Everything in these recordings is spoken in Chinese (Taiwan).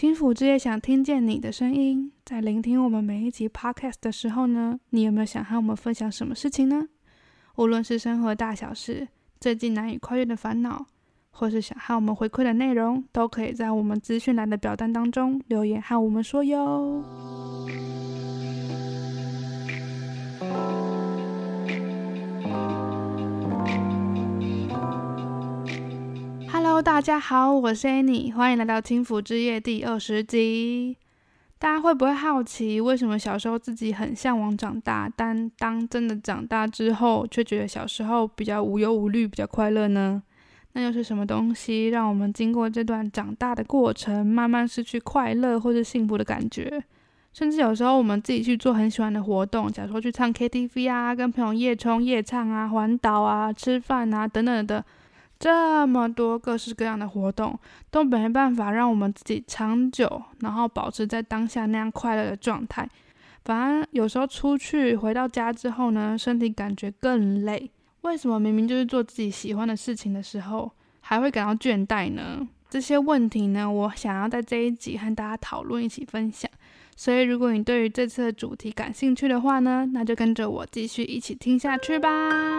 輕撫之夜，想聽見你的聲音，在聆聽我們每一集 podcast 的時候呢，你有沒有想和我們分享什麼事情呢？無論是生活大小事，最近難以跨越的煩惱，或是想和我們回饋的內容，都可以在我們資訊欄的表單當中留言和我們說喲。Hello，大家好，我是 Annie，歡迎來到《輕撫之夜》第二十集。大家會不會好奇，為什麼小時候自己很嚮往長大，但當真的長大之後，卻覺得小時候比較無憂無慮，比較快樂呢？那又是什麼東西讓我們經過這段長大的過程，慢慢失去快樂或是幸福的感覺？甚至有時候我們自己去做很喜歡的活動，假如說去唱 KTV 啊，跟朋友夜衝夜唱啊，環島啊，吃飯啊，等等的。這麼多各式各樣的活動都沒辦法讓我們自己長久，然後保持在當下那樣快樂的狀態。反而有時候出去回到家之後呢，身體感覺更累。為什麼明明就是做自己喜歡的事情的時候，還會感到倦怠呢？這些問題呢，我想要在這一集和大家討論，一起分享。所以如果你對於這次的主題感興趣的話呢，那就跟着我繼續一起聽下去吧。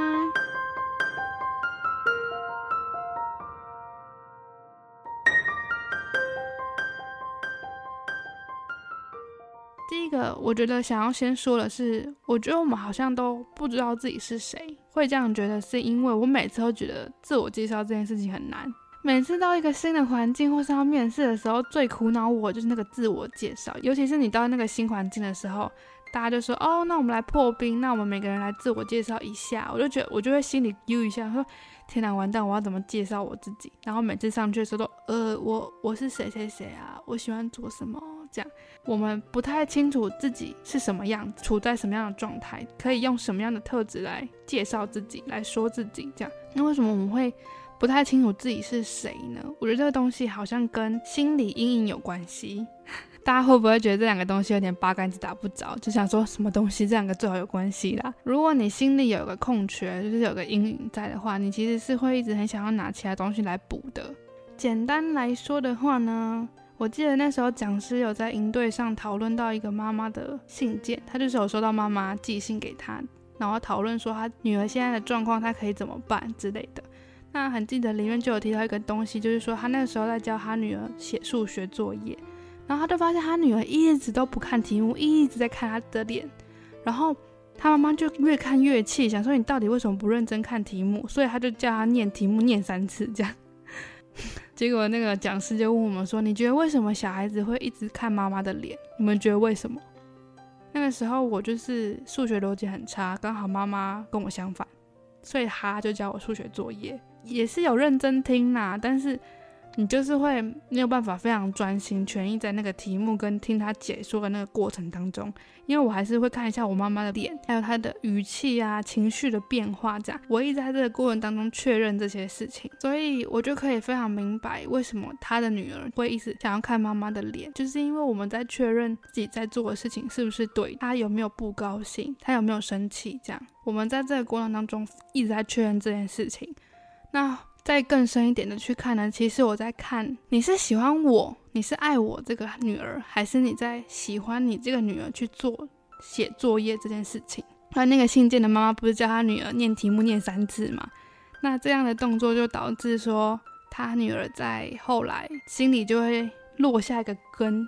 我覺得想要先說的是，我覺得我們好像都不知道自己是誰，會這樣覺得，是因為我每次都覺得自我介紹這件事情很難。每次到一個新的環境或是要面試的時候，最苦惱我就是那個自我介紹。尤其是你到那個新環境的時候，大家就說：“哦，那我們來破冰，那我們每個人來自我介紹一下。”我就覺得我就會心裡幽一下，說：“天哪，完蛋，我要怎麼介紹我自己？”然後每次上去的時候都，呃，我我是誰誰誰啊，我喜歡做什麼。”這樣，我們不太清楚自己是什麼樣，處在什麼樣的狀態，可以用什麼樣的特質來介紹自己，來說自己這樣。那為什麼我們會不太清楚自己是誰呢？我覺得這個東西好像跟心理陰影有關係。 大家會不會覺得這兩個東西有點八竿子打不着？就想說什麼東西這兩個最好有關係啦。如果你心裡有個空缺，就是有個陰影在的話，你其實是會一直很想要拿其他東西來補的。簡單來說的話呢。我記得那時候講師有在營隊上討論到一個媽媽的信件，她就是有收到媽媽寄信給她，然後討論說她女兒現在的狀況，她可以怎麼辦之類的。那很記得裡面就有提到一個東西，就是說他那時候在教他女兒寫數學作業，然後他就發現他女兒一直都不看題目，一直在看她的臉，然後他媽媽就越看越氣，想說你到底為什麼不認真看題目，所以他就叫她念題目念三次這樣。結果那個講師就問我們說：“你覺得為什麼小孩子會一直看媽媽的臉？你們覺得為什麼？”那個時候我就是數學邏輯很差，剛好媽媽跟我相反，所以她就教我數學作業，也是有認真聽啦，但是。你就是會沒有辦法非常專心全意在那個題目跟聽他解說的那個過程當中，因為我還是會看一下我媽媽的臉，還有她的語氣啊、情緒的變化這樣，我一直在這個過程當中確認這些事情，所以我就可以非常明白為什麼她的女兒會一直想要看媽媽的臉，就是因為我們在確認自己在做的事情是不是對，她有沒有不高興，她有沒有生氣這樣，我們在這個過程當中一直在確認這件事情，那。再更深一點的去看呢，其實我在看你是喜歡我，你是愛我這個女兒，還是你在喜歡你這個女兒去做寫作業這件事情。還那個信件的媽媽不是叫他女兒念題目念三次嘛，那這樣的動作就導致說他女兒在後來心裡就會落下一個根，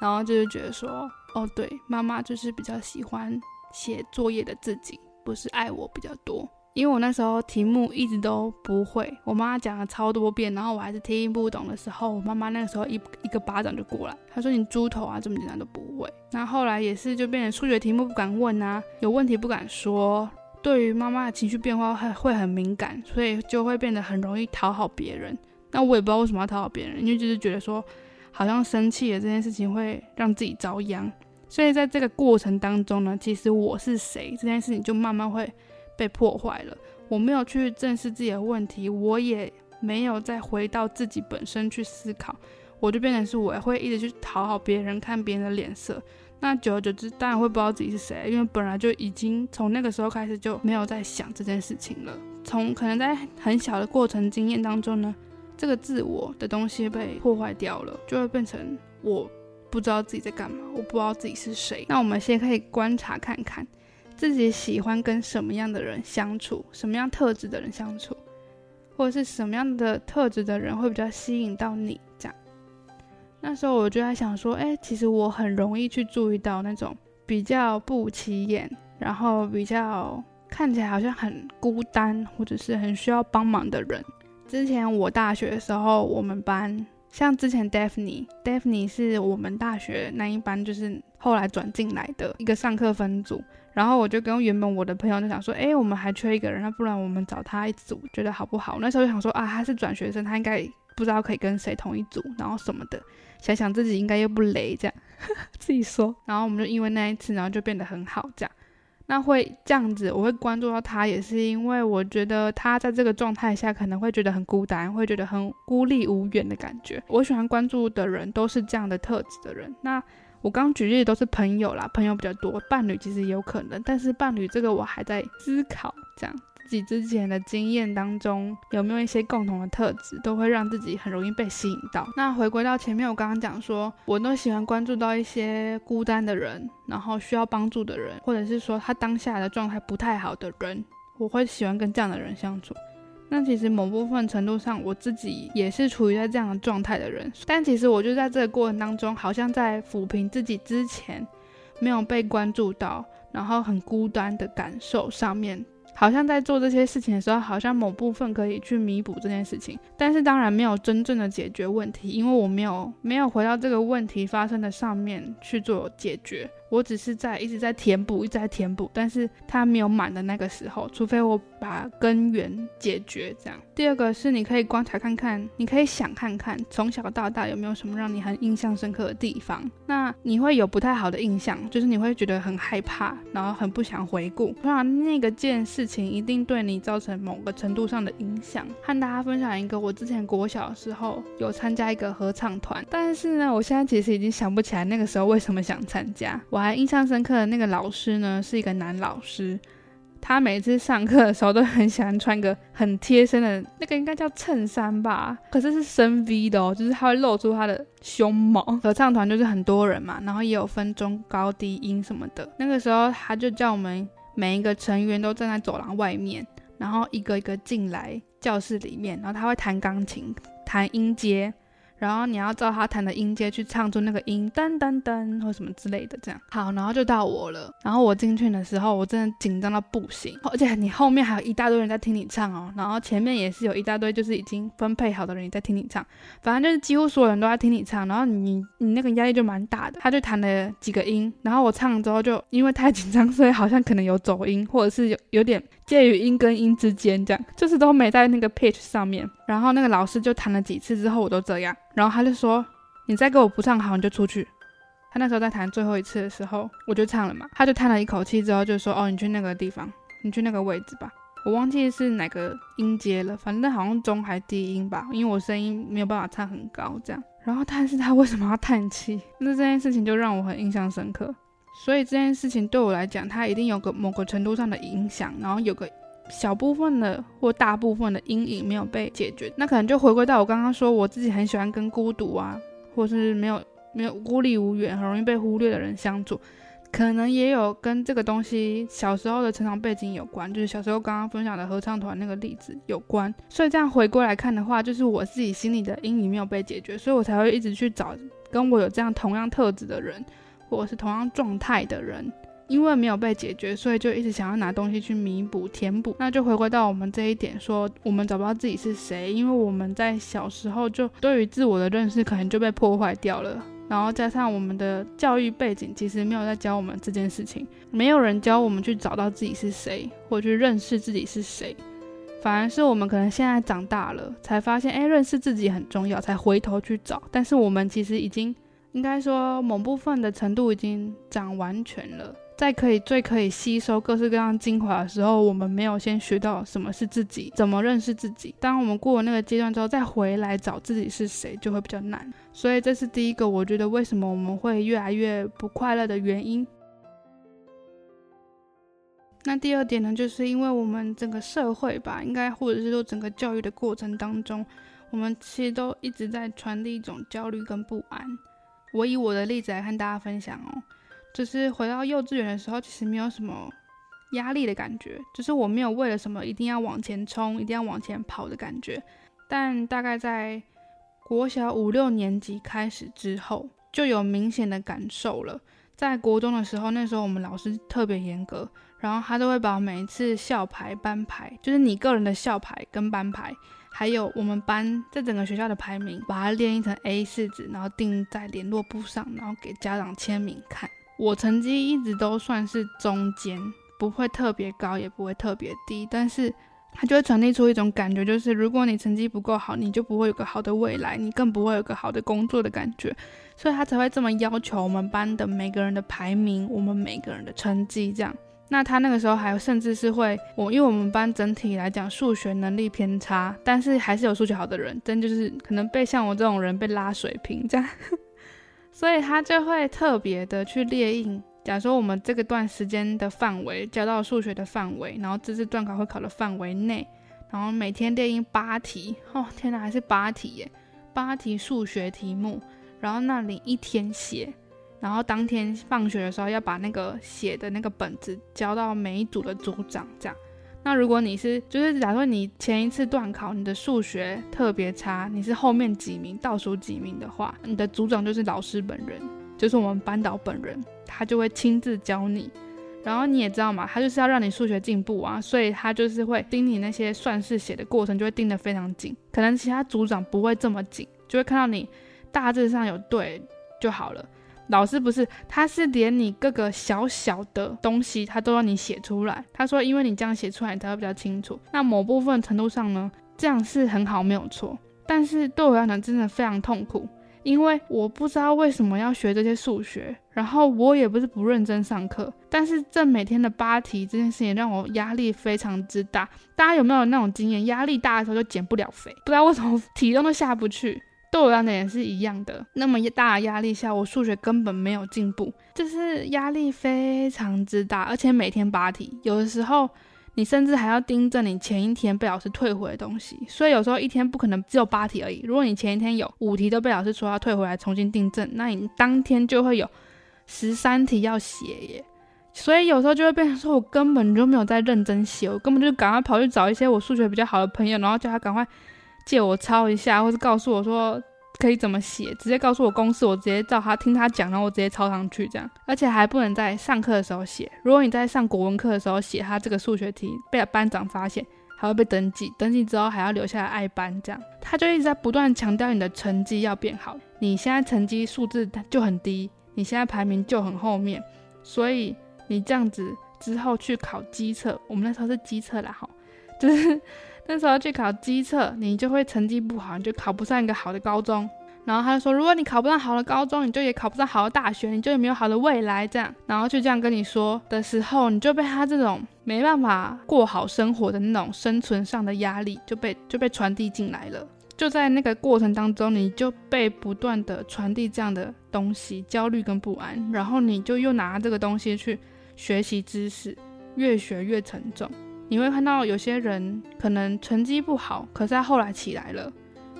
然後就是覺得說，哦，對，媽媽就是比較喜歡寫作業的自己，不是愛我比較多。因為我那時候題目一直都不會，我媽媽講了超多遍，然後我還是聽不懂的時候，我媽媽那個時候一一個巴掌就過來，她說，你豬頭啊，這麼簡單啊都不會。那後來也是就變成數學題目不敢問啊，有問題不敢說，對於媽媽的情緒變化會會很敏感，所以就會變得很容易討好別人。那我也不知道為什麼要討好別人，因為就是覺得說好像生氣了這件事情會讓自己遭殃，所以在這個過程當中呢，其實我是誰這件事情就慢慢會。被破壞了，我沒有去正視自己的問題，我也沒有再回到自己本身去思考，我就變成是我會一直去討好別人，看別人的臉色。那久而久之，當然會不知道自己是誰，因為本來就已經從那個時候開始就沒有在想這件事情了。從可能在很小的過程經驗當中呢，這個自我的東西被破壞掉了，就會變成我不知道自己在幹嘛，我不知道自己是誰。那我們先可以觀察看看，自己喜歡跟什麼樣的人相處，什麼樣特質的人相處，或者是什麼樣的特質的人會比較吸引到你？這樣，那時候我就在想說，哎、欸，其實我很容易去注意到那種比較不起眼，然後比較看起來好像很孤單，或者是很需要幫忙的人。之前我大學的時候，我們班像之前 Daphne，Daphne 是我們大學那一班，就是。後來轉進來的一個上課分組，然後我就跟原本我的朋友就想說，哎、欸，我們還缺一個人，那不然我們找他一組，覺得好不好？那時候就想說啊，他是轉學生，他應該不知道可以跟誰同一組，然後什麼的。想想自己應該又不雷這樣， 自己說。然後我們就因為那一次，然後就變得很好這樣。那會這樣子，我會關注到他，也是因為我覺得他在這個狀態下可能會覺得很孤單，會覺得很孤立無援的感覺。我喜歡關注的人都是這樣的特質的人。那。我剛舉例都是朋友啦，朋友比較多，伴侶其實有可能，但是伴侶這個我還在思考，這樣自己之前的經驗當中有沒有一些共同的特質，都會讓自己很容易被吸引到。那回歸到前面，我剛剛講說，我都喜歡關注到一些孤單的人，然後需要幫助的人，或者是說他當下的狀態不太好的人，我會喜歡跟這樣的人相處。但其實某部分程度上，我自己也是處於在這樣的狀態的人。但其實我就在這個過程當中，好像在撫平自己之前沒有被關注到，然後很孤單的感受上面，好像在做這些事情的時候，好像某部分可以去彌補這件事情。但是當然沒有真正的解決問題，因為我沒有沒有回到這個問題發生的上面去做解決。我只是在一直在填補，一直在填補，但是它沒有滿的那個時候，除非我把根源解決這樣。第二個是你可以觀察看看，你可以想看看從小到大有沒有什麼讓你很印象深刻的地方。那你會有不太好的印象，就是你會覺得很害怕，然後很不想回顧。那那個件事情一定對你造成某個程度上的影響。和大家分享一個，我之前國小的時候有參加一個合唱團，但是呢，我現在其實已經想不起來那個時候為什麼想參加。我。還印象深刻的那個老師呢，是一個男老師，他每次上課的時候都很喜歡穿個很貼身的那個應該叫襯衫吧，可是是深 V 的哦，就是他會露出他的胸毛。合唱團就是很多人嘛，然後也有分中高低音什麼的。那個時候他就叫我們每一個成員都站在走廊外面，然後一個一個進來教室裡面，然後他會彈鋼琴，彈音階。然後你要照他彈的音階去唱出那個音，噔噔噔，或什麼之類的，這樣。好，然後就到我了。然後我進去的時候，我真的緊張到不行，而且你後面還有一大堆人在聽你唱哦，然後前面也是有一大堆就是已經分配好的人也在聽你唱，反正就是幾乎所有人都在聽你唱，然後你你那個壓力就蠻大的。他就彈了幾個音，然後我唱了之後就因為太緊張，所以好像可能有走音，或者是有有點介於音跟音之間，這樣就是都沒在那個 pitch 上面。然後那個老師就彈了幾次之後，我都這樣。然後他就說：“你再給我不唱好，你就出去。”他那時候在彈最後一次的時候，我就唱了嘛。他就嘆了一口氣之後，就說：“哦，你去那個地方，你去那個位置吧。”我忘記是哪個音階了，反正好像中還低音吧，因為我聲音沒有辦法唱很高這樣。然後，但是他為什麼要嘆氣？那這件事情就讓我很印象深刻。所以這件事情對我來講，他一定有個某個程度上的影響，然後有個。小部分的或大部分的陰影沒有被解決，那可能就回歸到我剛剛說，我自己很喜歡跟孤獨啊，或是沒有沒有孤立無援、很容易被忽略的人相處，可能也有跟這個東西小時候的成長背景有關，就是小時候剛剛分享的合唱團那個例子有關。所以這樣回過來看的話，就是我自己心裡的陰影沒有被解決，所以我才會一直去找跟我有這樣同樣特質的人，或者是同樣狀態的人。因為沒有被解決，所以就一直想要拿東西去彌補、填補。那就回歸到我們這一點，說我們找不到自己是誰，因為我們在小時候就對於自我的認識可能就被破壞掉了。然後加上我們的教育背景，其實沒有在教我們這件事情，沒有人教我們去找到自己是誰，或去認識自己是誰。反而是我們可能現在長大了，才發現，哎，認識自己很重要，才回頭去找。但是我們其實已經應該說某部分的程度已經長完全了。在可以最可以吸收各式各樣精華的時候，我們沒有先學到什麼是自己，怎麼認識自己。當我們過了那個階段之後，再回來找自己是誰，就會比較難。所以這是第一個，我覺得為什麼我們會越來越不快樂的原因。那第二點呢，就是因為我們整個社會吧，應該或者是說整個教育的過程當中，我們其實都一直在傳遞一種焦慮跟不安。我以我的例子來和大家分享喔。就是回到幼稚園的時候，其實沒有什麼壓力的感覺，就是我沒有為了什麼一定要往前衝、一定要往前跑的感覺。但大概在國小五六年級開始之後，就有明顯的感受了。在國中的時候，那時候我們老師特別嚴格，然後他都會把每一次校排、班排，就是你個人的校排跟班排，還有我們班在整個學校的排名，把它列印成 A 四紙，然後釘在聯絡簿上，然後給家長簽名看。我成績一直都算是中間，不會特別高，也不會特別低，但是他就會傳遞出一種感覺，就是如果你成績不夠好，你就不會有個好的未來，你更不會有個好的工作的感覺，所以他才會這麼要求我們班的每個人的排名，我們每個人的成績這樣。那他那個時候還甚至是會，我，因為我們班整體來講數學能力偏差，但是還是有數學好的人，真就是可能被像我這種人被拉水平這樣。所以他就會特別的去列印，假如說我們這個段時間的範圍，交到數學的範圍，然後這次段考會考的範圍內，然後每天列印八題，哦，天哪，還是八題耶，八題數學題目，然後那裡一天寫，然後當天放學的時候要把那個寫的那個本子交到每一組的組長這樣。那如果你是，就是假如你前一次段考，你的數學特別差，你是後面幾名、倒數幾名的話，你的組長就是老師本人，就是我們班導本人，他就會親自教你。然後你也知道嘛，他就是要讓你數學進步啊，所以他就是會盯你那些算式寫的過程，就會盯得非常緊。可能其他組長不會這麼緊，就會看到你大致上有對就好了。老師不是，他是連你各個小小的東西，他都讓你寫出來。他說，因為你這樣寫出來，你才會比較清楚。那某部分程度上呢，這樣是很好，沒有錯。但是對我來講，真的非常痛苦，因為我不知道為什麼要學這些數學。然後我也不是不認真上課，但是這每天的八題這件事情，讓我壓力非常之大。大家有沒有那種經驗？壓力大的時候就減不了肥，不知道為什麼體重都下不去。對我來講也是一樣的。那麼大的壓力下，我數學根本沒有進步，就是壓力非常之大，而且每天八題，有的時候你甚至還要盯着你前一天被老師退回的東西。所以有時候一天不可能只有八題而已。如果你前一天有五題都被老師說要退回來重新訂正，那你當天就會有十三題要寫耶。所以有時候就會變成說我根本就沒有在認真寫，我根本就趕快跑去找一些我數學比較好的朋友，然後叫他趕快。借我抄一下，或是告訴我說可以怎麼寫，直接告訴我公式，我直接照他聽他講，然後我直接抄上去這樣，而且還不能在上課的時候寫。如果你在上國文課的時候寫他這個數學題，被班長發現，還會被登記，登記之後還要留下來愛班。這樣，他就一直在不斷強調你的成績要變好。你現在成績數字就很低，你現在排名就很後面，所以你這樣子之後去考基測，我們那時候是基測啦，就是。那時候去考基測，你就會成績不好，你就考不上一個好的高中。然後他就說，如果你考不上好的高中，你就也考不上好的大學，你就也沒有好的未來。這樣，然後就這樣跟你說的時候，你就被他這種沒辦法過好生活的那種生存上的壓力就被就被傳遞進來了。就在那個過程當中，你就被不斷的傳遞這樣的東西，焦慮跟不安。然後你就又拿這個東西去學習知識，越學越沉重。你會看到有些人可能成績不好，可是他後來起來了，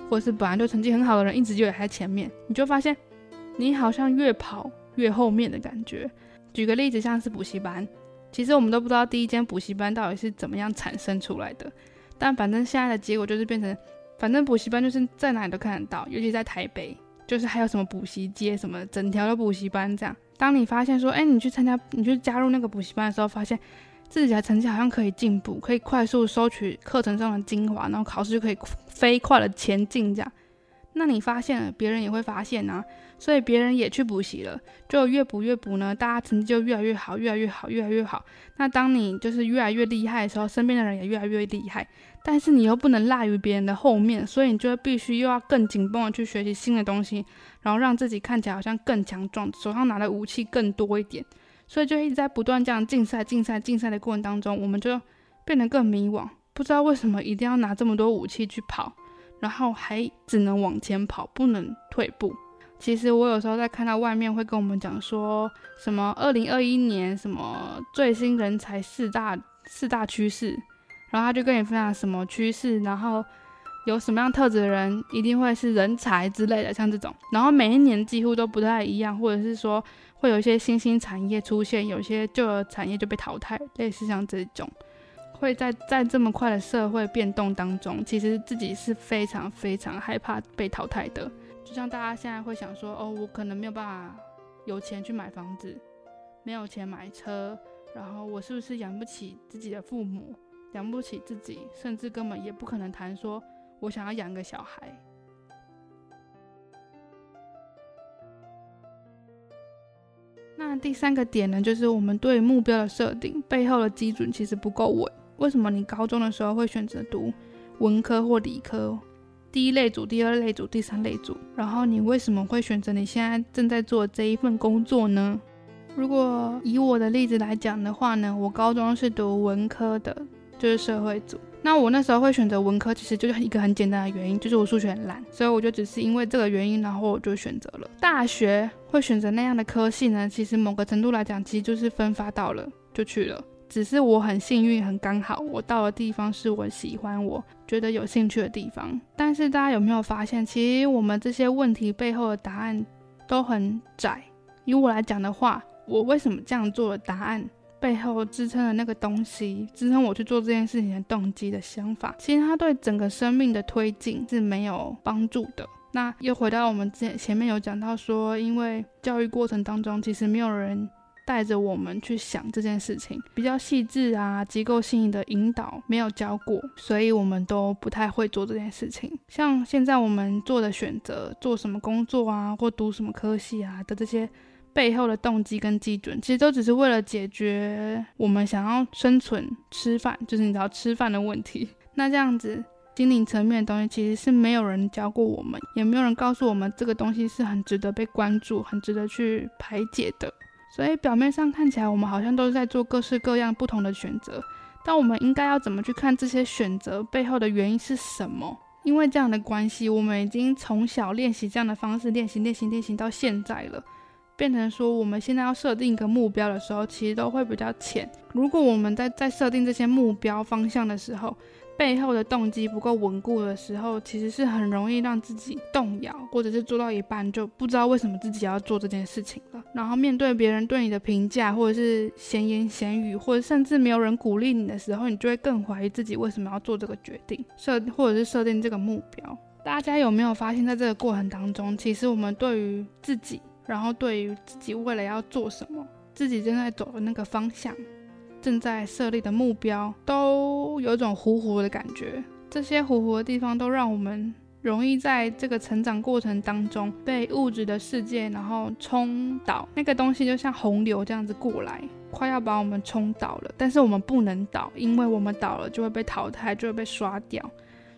或者是本來就成績很好的人一直就在前面，你就發現你好像越跑越後面的感覺。舉個例子，像是補習班，其實我們都不知道第一間補習班到底是怎麼樣產生出來的，但反正現在的結果就是變成，反正補習班就是在哪裡都看得到，尤其在台北，就是還有什麼補習街，什麼整條的補習班這樣。當你發現說，哎，你去參加，你去加入那個補習班的時候，發現。自己的成績好像可以進步，可以快速收取課程上的精華，然後考試就可以飛快的前進這樣。那你發現了，別人也會發現吶、啊，所以別人也去補習了，就越補越補呢，大家成績就越來越好，越來越好，越來越好。那當你就是越來越厲害的時候，身邊的人也越來越厲害，但是你又不能落於別人的後面，所以你就必須又要更緊繃的去學習新的東西，然後讓自己看起來好像更強壯，手上拿的武器更多一點。所以就一直在不斷這樣競賽、競賽、競賽的過程當中，我們就變得更迷惘，不知道為什麼一定要拿這麼多武器去跑，然後還只能往前跑，不能退步。其實我有時候在看到外面會跟我們講說什麼二零二一年什麼最新人才四大四大趨勢，然後他就跟你分享什麼趨勢，然後有什麼樣特質的人一定會是人才之類的，像這種，然後每一年幾乎都不太一樣，或者是說。會有一些新興產業出現，有些舊的產業就被淘汰。類似像這種，會在在這麼快的社會變動當中，其實自己是非常非常害怕被淘汰的。就像大家現在會想說，哦，我可能沒有辦法有錢去買房子，沒有錢買車，然後我是不是養不起自己的父母，養不起自己，甚至根本也不可能談說我想要養個小孩。第三個點呢，就是我們對目標的設定背後的基準其實不夠穩。為什麼你高中的時候會選擇讀文科或理科？第一類組、第二類組、第三類組，然後你為什麼會選擇你現在正在做這一份工作呢？如果以我的例子來講的話呢，我高中是讀文科的，就是社會組。那我那時候會選擇文科，其實就是一個很簡單的原因，就是我數學很爛，所以我就只是因為這個原因，然後我就選擇了大學會選擇那樣的科系呢。其實某個程度來講，其實就是分發到了就去了，只是我很幸運，很剛好，我到的地方是我喜歡我、我覺得有興趣的地方。但是大家有沒有發現，其實我們這些問題背後的答案都很窄。以我來講的話，我為什麼這樣做的答案。背後支撐的那個東西，支撐我去做這件事情的動機的想法，其實它對整個生命的推進是沒有幫助的。那又回到我們之前前面有講到說，因為教育過程當中，其實沒有人帶着我們去想這件事情，比較細緻啊、結構性的引導沒有教過，所以我們都不太會做這件事情。像現在我們做的選擇，做什麼工作啊，或讀什麼科系啊的這些。背後的動機跟基準，其實都只是為了解決我們想要生存、吃飯，就是你知道要吃飯的問題。那這樣子，心靈層面的東西其實是沒有人教過我們，也沒有人告訴我們這個東西是很值得被關注、很值得去排解的。所以表面上看起來，我們好像都是在做各式各樣不同的選擇。但我們應該要怎麼去看這些選擇背後的原因是什麼？因為這樣的關係，我們已經從小練習這樣的方式，練習、練習、練習、練習、練習到現在了。變成說，我們現在要設定一個目標的時候，其實都會比較淺。如果我們在在設定這些目標方向的時候，背後的動機不夠穩固的時候，其實是很容易讓自己動搖，或者是做到一半就不知道為什麼自己要做這件事情了。然後面對別人對你的評價，或者是閒言閒語，或者甚至沒有人鼓勵你的時候，你就會更懷疑自己為什麼要做這個決定，設，或者是設定這個目標。大家有沒有發現，在這個過程當中，其實我們對於自己。然後對於自己未來要做什麼，自己正在走的那個方向，正在設立的目標，都有一種糊糊的感覺。這些糊糊的地方都讓我們容易在這個成長過程當中被物質的世界然後衝倒。那個東西就像洪流這樣子過來，快要把我們衝倒了。但是我們不能倒，因為我們倒了就會被淘汰，就會被刷掉。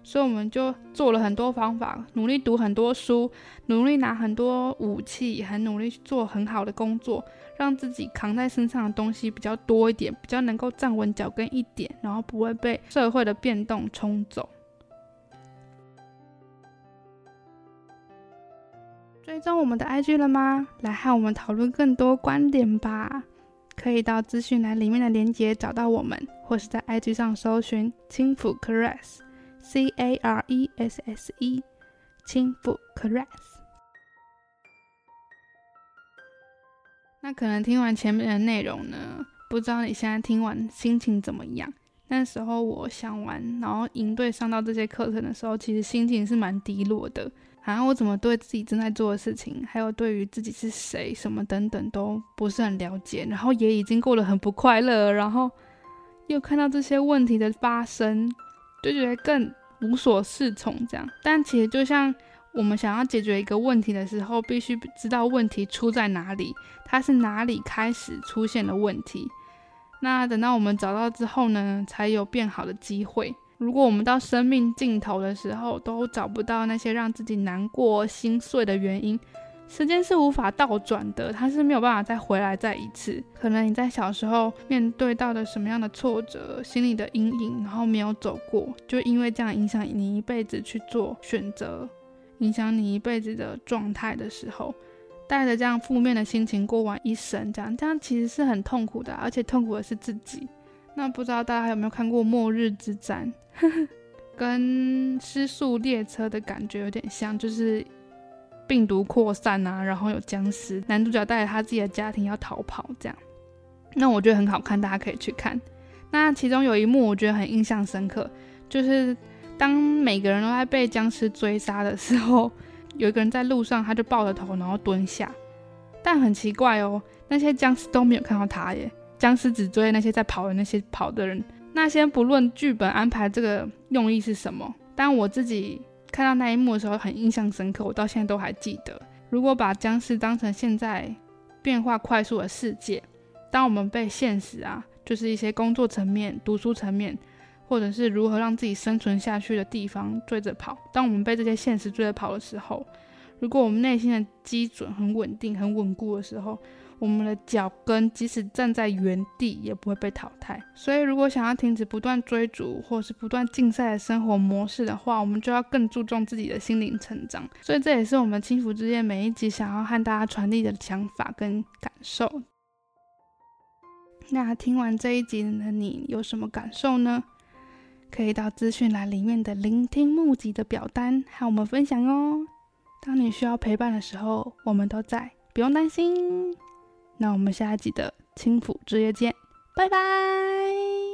所以我們就做了很多方法，努力讀很多書，努力拿很多武器，也很努力去做很好的工作，讓自己扛在身上的東西比較多一點，比較能夠站穩腳跟一點，然後不會被社會的變動沖走。追蹤我們的 IG 了嗎？來和我們討論更多觀點吧！可以到資訊欄裡面的鏈接找到我們，或是在 IG 上搜尋“輕撫 Caresse”。C A R E S S E，輕撫 caress。那可能聽完前面的內容呢，不知道你現在聽完心情怎麼樣？那時候我想完，然後營隊上到這些課程的時候，其實心情是蠻低落的。好像我怎麼對自己正在做的事情，還有對於自己是誰、什麼等等，都不是很了解。然後也已經過得很不快樂，然後又看到這些問題的發生。就覺得更無所適從這樣，但其實就像我們想要解決一個問題的時候，必須知道問題出在哪裡，它是哪裡開始出現的問題。那等到我們找到之後呢，才有變好的機會。如果我們到生命盡頭的時候都找不到那些讓自己難過、心碎的原因，時間是無法倒轉的，它是沒有辦法再回來再一次。可能你在小時候面對到的什麼樣的挫折、心理的陰影，然後沒有走過，就因為這樣影響你一輩子去做選擇，影響你一輩子的狀態的時候，帶着這樣負面的心情過完一生，這樣這樣其實是很痛苦的啊，而且痛苦的是自己。那不知道大家有沒有看過《末日之戰》， 跟失速列車的感覺有點像，就是。病毒擴散啊，然後有殭屍，男主角帶着他自己的家庭要逃跑，這樣，那我覺得很好看，大家可以去看。那其中有一幕我覺得很印象深刻，就是當每個人都在被殭屍追殺的時候，有一個人在路上，他就抱着頭然後蹲下，但很奇怪哦，那些殭屍都沒有看到他耶，殭屍只追那些在跑的那些跑的人。那先不論劇本安排這個用意是什麼，但我自己。看到那一幕的時候很印象深刻，我到現在都還記得。如果把僵屍當成現在變化快速的世界，當我們被現實啊，就是一些工作層面、讀書層面，或者是如何讓自己生存下去的地方追着跑，當我們被這些現實追着跑的時候，如果我們內心的基準很穩定、很穩固的時候，我們的腳跟，即使站在原地，也不會被淘汰。所以，如果想要停止不斷追逐或是不斷競賽的生活模式的話，我們就要更注重自己的心靈成長。所以，這也是我們輕撫之夜每一集想要和大家傳遞的想法跟感受。那聽完這一集的你有什麼感受呢？可以到資訊欄裡面的聆聽募集的表單，和我們分享哦。當你需要陪伴的時候，我們都在，不用擔心。那我們下一集的《輕撫之夜》見，拜拜。